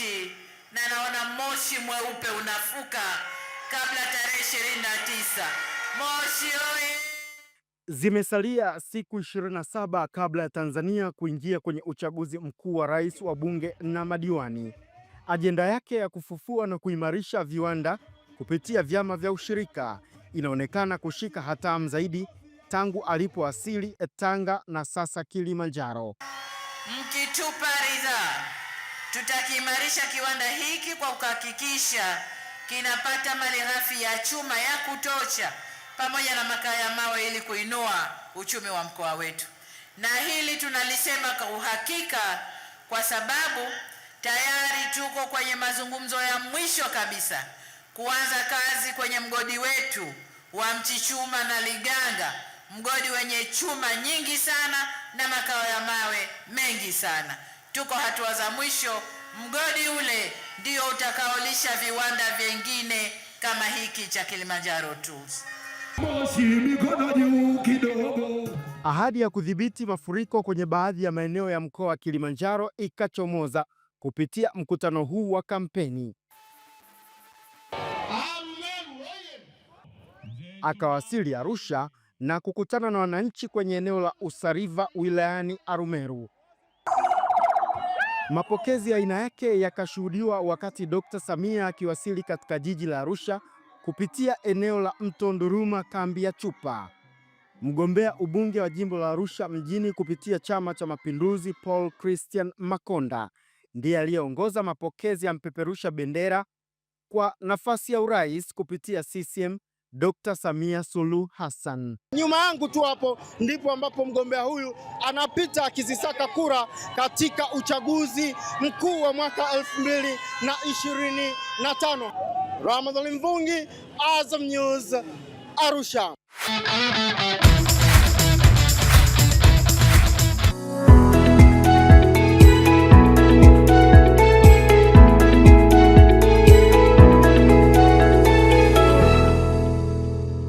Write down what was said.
moshi na naona moshi mweupe unafuka kabla tarehe ishirini na tisa. Moshi oye! Zimesalia siku 27 kabla ya Tanzania kuingia kwenye uchaguzi mkuu wa rais wa bunge na madiwani. Ajenda yake ya kufufua na kuimarisha viwanda kupitia vyama vya ushirika inaonekana kushika hatamu zaidi tangu asili Tanga na sasa Kilimanjaro. Mkitupa ridhaa Tutakiimarisha kiwanda hiki kwa kuhakikisha kinapata malighafi ya chuma ya kutosha pamoja na makaa ya mawe ili kuinua uchumi wa mkoa wetu, na hili tunalisema kwa uhakika kwa sababu tayari tuko kwenye mazungumzo ya mwisho kabisa kuanza kazi kwenye mgodi wetu wa Mchichuma na Liganga, mgodi wenye chuma nyingi sana na makao ya mawe mengi sana tuko hatua za mwisho. Mgodi ule ndio utakaolisha viwanda vingine kama hiki cha Kilimanjaro Tools. Ahadi ya kudhibiti mafuriko kwenye baadhi ya maeneo ya mkoa wa Kilimanjaro ikachomoza kupitia mkutano huu wa kampeni. Akawasili Arusha na kukutana na wananchi kwenye eneo la Usariva wilayani Arumeru. Mapokezi ya aina yake yakashuhudiwa wakati dkt Samia akiwasili katika jiji la Arusha kupitia eneo la Mto Nduruma, kambi ya Chupa. Mgombea ubunge wa jimbo la Arusha mjini kupitia Chama cha Mapinduzi, Paul Christian Makonda ndiye aliyeongoza mapokezi ya mpeperusha bendera kwa nafasi ya urais kupitia CCM Dr. Samia Suluhu Hassan. Nyuma yangu tu hapo ndipo ambapo mgombea huyu anapita akizisaka kura katika uchaguzi mkuu wa mwaka 2025. Ramadhani Mvungi, Azam News, Arusha.